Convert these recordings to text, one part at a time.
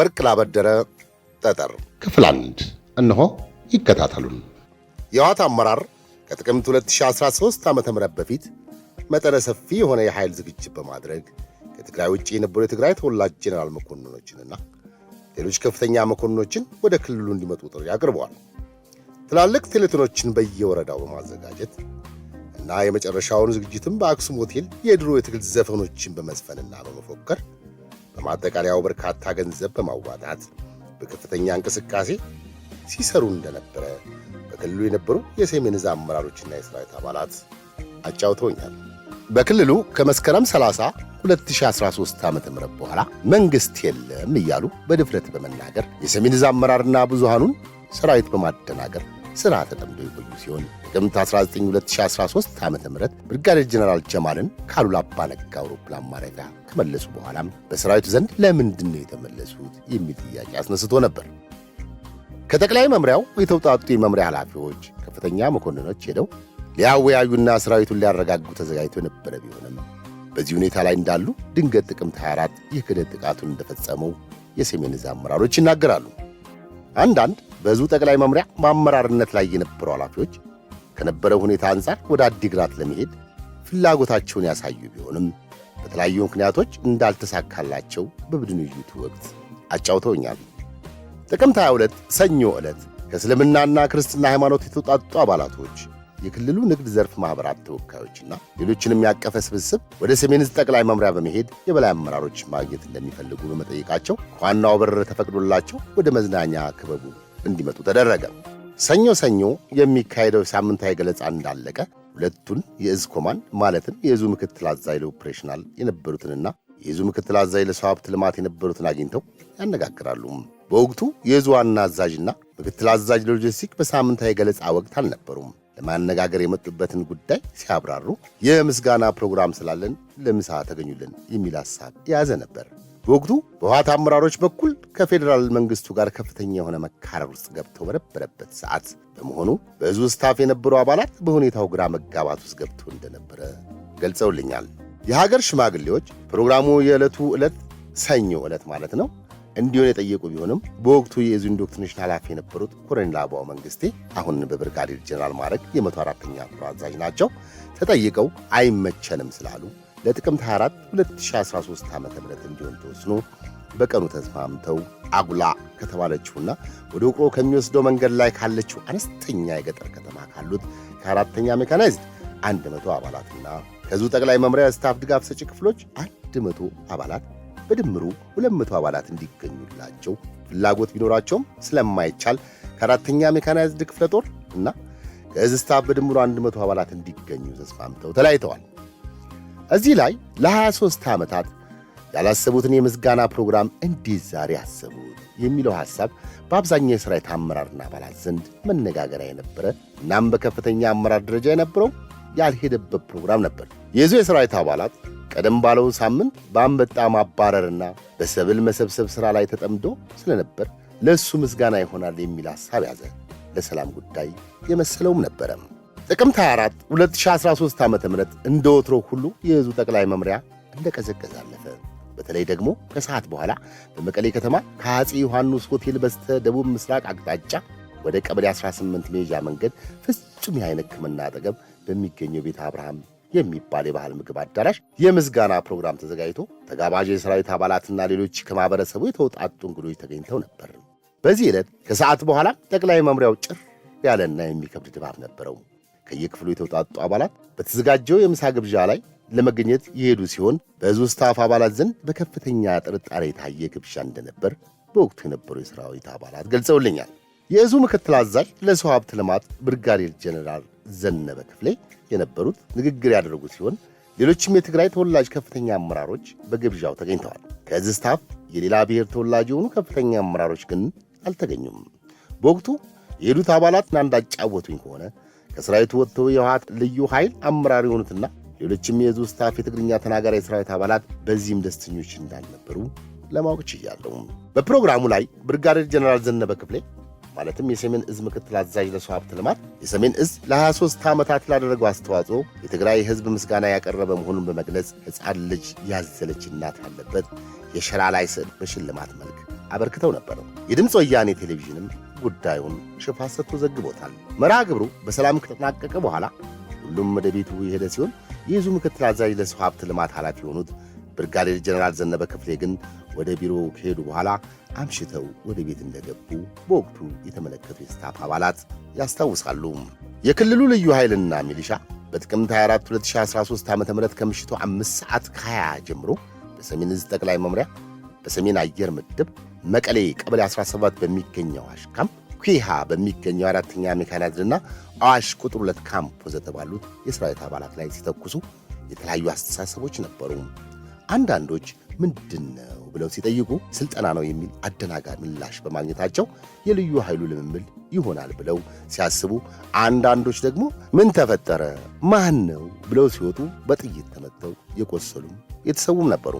ወርቅ ላበደረ ጠጠር ክፍል አንድ እነሆ ይከታተሉን። የህወሓት አመራር ከጥቅምት 2013 ዓ ም በፊት መጠነ ሰፊ የሆነ የኃይል ዝግጅት በማድረግ ከትግራይ ውጭ የነበሩ የትግራይ ተወላጅ ጄኔራል መኮንኖችንና ሌሎች ከፍተኛ መኮንኖችን ወደ ክልሉ እንዲመጡ ጥሪ አቅርበዋል። ትላልቅ ቴሌቶኖችን በየወረዳው በማዘጋጀት እና የመጨረሻውን ዝግጅትም በአክሱም ሆቴል የድሮ የትግል ዘፈኖችን በመዝፈንና በመፎከር በማጠቃለያው በርካታ ገንዘብ በማዋጣት በከፍተኛ እንቅስቃሴ ሲሰሩ እንደነበረ በክልሉ የነበሩ የሰሜን ዕዝ አመራሮችና የሰራዊት አባላት አጫውተውኛል። በክልሉ ከመስከረም 30 2013 ም በኋላ መንግሥት የለም እያሉ በድፍረት በመናገር የሰሜን ዕዝ አመራርና ብዙሃኑን ሰራዊት በማደናገር ሥራ ተጠምዶ የቆዩ ሲሆን ጥቅምት 19 2013 ዓ ም ብርጋዴር ጀነራል ጀማልን ካሉላ አባነጋ አውሮፕላን ማረፊያ ከመለሱ በኋላም በሰራዊቱ ዘንድ ለምንድን ነው የተመለሱት የሚል ጥያቄ አስነስቶ ነበር። ከጠቅላይ መምሪያው የተውጣጡ የመምሪያ ኃላፊዎች፣ ከፍተኛ መኮንኖች ሄደው ሊያወያዩና ሰራዊቱን ሊያረጋጉ ተዘጋጅቶ የነበረ ቢሆንም በዚህ ሁኔታ ላይ እንዳሉ ድንገት ጥቅምት 24 ይህ ጥቃቱን እንደፈጸመው የሰሜን እዝ አመራሮች ይናገራሉ። አንዳንድ በዙ ጠቅላይ መምሪያ በአመራርነት ላይ የነበሩ ኃላፊዎች ከነበረው ሁኔታ አንጻር ወደ አዲግራት ለመሄድ ፍላጎታቸውን ያሳዩ ቢሆንም በተለያዩ ምክንያቶች እንዳልተሳካላቸው በቡድን ውይይቱ ወቅት አጫውተውኛል። ጥቅምት 22 ሰኞ ዕለት ከእስልምናና ክርስትና ሃይማኖት የተውጣጡ አባላቶች የክልሉ ንግድ ዘርፍ ማኅበራት ተወካዮችና ሌሎችንም ያቀፈ ስብስብ ወደ ሰሜን ዕዝ ጠቅላይ መምሪያ በመሄድ የበላይ አመራሮች ማግኘት እንደሚፈልጉ በመጠየቃቸው ከዋናው በር ተፈቅዶላቸው ወደ መዝናኛ ክበቡ እንዲመጡ ተደረገ። ሰኞ ሰኞ የሚካሄደው ሳምንታዊ ገለጻ እንዳለቀ ሁለቱን የእዝ ኮማንድ ማለትም የእዙ ምክትል አዛዥ ለኦፕሬሽናል የነበሩትንና የእዙ ምክትል አዛዥ ለሰው ሀብት ልማት የነበሩትን አግኝተው ያነጋግራሉ። በወቅቱ የእዙ ዋና አዛዥና ምክትል አዛዥ ሎጂስቲክ በሳምንታዊ ገለጻ ወቅት አልነበሩም። ለማነጋገር የመጡበትን ጉዳይ ሲያብራሩ የምስጋና ፕሮግራም ስላለን ለምሳ ተገኙልን የሚል ሀሳብ የያዘ ነበር። በወቅቱ በህወሓት አመራሮች በኩል ከፌዴራል መንግስቱ ጋር ከፍተኛ የሆነ መካረር ውስጥ ገብተው በነበረበት ሰዓት በመሆኑ በህዝቡ ስታፍ የነበሩ አባላት በሁኔታው ግራ መጋባት ውስጥ ገብተው እንደነበረ ገልጸውልኛል። የሀገር ሽማግሌዎች ፕሮግራሙ የዕለቱ ዕለት ሰኞ ዕለት ማለት ነው እንዲሆን የጠየቁ ቢሆንም በወቅቱ የእዙን ዶክትሪኔሽን ኃላፊ የነበሩት ኮሎኔል አበባው መንግስቴ አሁን በብርጋዴር ጀኔራል ማዕረግ የ104ኛ አዛዥ ናቸው፣ ተጠይቀው አይመቸንም ስላሉ ለጥቅምት 24 2013 ዓ ም እንዲሆን ተወስኖ በቀኑ ተስማምተው አጉላ ከተባለችውና ወደ ውቅሮ ከሚወስደው መንገድ ላይ ካለችው አነስተኛ የገጠር ከተማ ካሉት ከአራተኛ ሜካናይዝድ 100 አባላትና ከዙ ጠቅላይ መምሪያ ስታፍ ድጋፍ ሰጪ ክፍሎች 100 አባላት በድምሩ 200 አባላት እንዲገኙላቸው ፍላጎት ቢኖራቸውም ስለማይቻል ከአራተኛ ሜካናይዝድ ክፍለ ጦር እና ከእዝ ስታፍ በድምሩ 100 አባላት እንዲገኙ ተስማምተው ተለያይተዋል። እዚህ ላይ ለ23 ዓመታት ያላሰቡትን የምስጋና ፕሮግራም እንዲህ ዛሬ አሰቡት የሚለው ሐሳብ በአብዛኛው የሠራዊት አመራርና አባላት ዘንድ መነጋገሪያ የነበረ እናም በከፍተኛ አመራር ደረጃ የነበረው ያልሄደበት ፕሮግራም ነበር። የዙ የሠራዊት አባላት ቀደም ባለው ሳምንት በአንበጣ ማባረርና በሰብል መሰብሰብ ሥራ ላይ ተጠምዶ ስለነበር ለእሱ ምስጋና ይሆናል የሚል ሐሳብ ያዘ። ለሰላም ጉዳይ የመሰለውም ነበረም። ጥቅምት 24 2013 ዓ ም እንደ ወትሮ ሁሉ የሕዝቡ ጠቅላይ መምሪያ እንደቀዘቀዘ አለፈ። በተለይ ደግሞ ከሰዓት በኋላ በመቀሌ ከተማ ከአፄ ዮሐንስ ሆቴል በስተ ደቡብ ምስራቅ አቅጣጫ ወደ ቀበሌ 18 ሜዣ መንገድ ፍጹም የአይን ህክምና አጠገብ በሚገኘው ቤተ አብርሃም የሚባል የባህል ምግብ አዳራሽ የምስጋና ፕሮግራም ተዘጋጅቶ ተጋባዥ የሰራዊት አባላትና ሌሎች ከማህበረሰቡ የተውጣጡ እንግዶች ተገኝተው ነበር። በዚህ ዕለት ከሰዓት በኋላ ጠቅላይ መምሪያው ጭር ያለና የሚከብድ ድባብ ነበረው። ከየክፍሉ የተውጣጡ አባላት በተዘጋጀው የምሳ ግብዣ ላይ ለመገኘት የሄዱ ሲሆን በሕዝቡ ስታፍ አባላት ዘንድ በከፍተኛ ጥርጣሬ የታየ ግብዣ እንደነበር በወቅቱ የነበሩ የሰራዊት አባላት ገልጸውልኛል። የእዙ ምክትል አዛዥ ለሰው ሀብት ልማት ብርጋዴር ጀኔራል ዘነበ ክፍሌ የነበሩት ንግግር ያደረጉ ሲሆን ሌሎችም የትግራይ ተወላጅ ከፍተኛ አመራሮች በግብዣው ተገኝተዋል። ከዚህ ስታፍ የሌላ ብሔር ተወላጅ የሆኑ ከፍተኛ አመራሮች ግን አልተገኙም። በወቅቱ የሄዱት አባላት እንዳጫወቱኝ ከሆነ ከሰራዊቱ ወጥቶ የውሃት ልዩ ኃይል አመራር የሆኑትና ሌሎችም የዙ ስታፍ የትግርኛ ተናጋሪ የሰራዊት አባላት በዚህም ደስተኞች እንዳልነበሩ ለማወቅ ችያለሁ። በፕሮግራሙ ላይ ብርጋዴር ጀነራል ዘነበ ክፍሌ ማለትም የሰሜን እዝ ምክትል አዛዥ ለሰው ሀብት ልማት የሰሜን እዝ ለ23 ዓመታት ላደረገው አስተዋጽኦ የትግራይ ህዝብ ምስጋና ያቀረበ መሆኑን በመግለጽ ሕፃን ልጅ ያዘለች እናት ያለበት የሸራ ላይ ስዕል በሽልማት መልክ አበርክተው ነበር። የድምፅ ወያኔ ቴሌቪዥንም ጉዳዩን ሽፋ ሰጥቶ ዘግቦታል። መርሃ ግብሩ በሰላም ከተጠናቀቀ በኋላ ሁሉም ወደ ቤቱ የሄደ ሲሆን የዙ ምክትል አዛዥ ለሰው ሀብት ልማት ኃላፊ የሆኑት ብርጋዴር ጀነራል ዘነበ ክፍሌ ግን ወደ ቢሮ ከሄዱ በኋላ አምሽተው ወደ ቤት እንደገቡ በወቅቱ የተመለከቱ የስታፍ አባላት ያስታውሳሉ። የክልሉ ልዩ ኃይልና ሚሊሻ በጥቅምት 24 2013 ዓ ም ከምሽቱ 5 ሰዓት ከ20 ጀምሮ በሰሜን ዕዝ ጠቅላይ መምሪያ በሰሜን አየር ምድብ መቀሌ ቀበሌ 17 በሚገኘው አዋሽ ካምፕ ኩሃ በሚገኘው አራተኛ ሜካናይዝድና አዋሽ ቁጥር ሁለት ካምፕ በተባሉት የሰራዊት አባላት ላይ ሲተኩሱ የተለያዩ አስተሳሰቦች ነበሩ። አንዳንዶች ምንድን ነው ብለው ሲጠይቁ ስልጠና ነው የሚል አደናጋሪ ምላሽ በማግኘታቸው የልዩ ኃይሉ ልምምድ ይሆናል ብለው ሲያስቡ፣ አንዳንዶች ደግሞ ምን ተፈጠረ ማን ነው ብለው ሲወጡ በጥይት ተመተው የቆሰሉም የተሰዉም ነበሩ።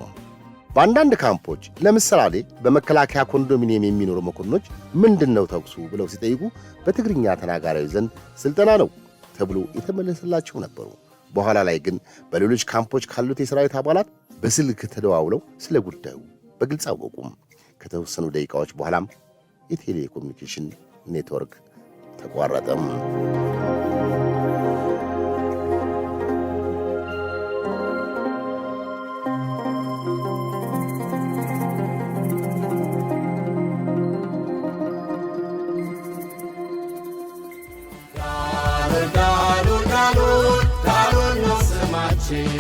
በአንዳንድ ካምፖች ለምሳሌ በመከላከያ ኮንዶሚኒየም የሚኖሩ መኮንኖች ምንድን ነው ተኩሱ ብለው ሲጠይቁ በትግርኛ ተናጋሪው ዘንድ ስልጠና ነው ተብሎ የተመለሰላቸው ነበሩ። በኋላ ላይ ግን በሌሎች ካምፖች ካሉት የሰራዊት አባላት በስልክ ተደዋውለው ስለ ጉዳዩ በግልጽ አወቁም። ከተወሰኑ ደቂቃዎች በኋላም የቴሌኮሙኒኬሽን ኔትወርክ ተቋረጠም። city.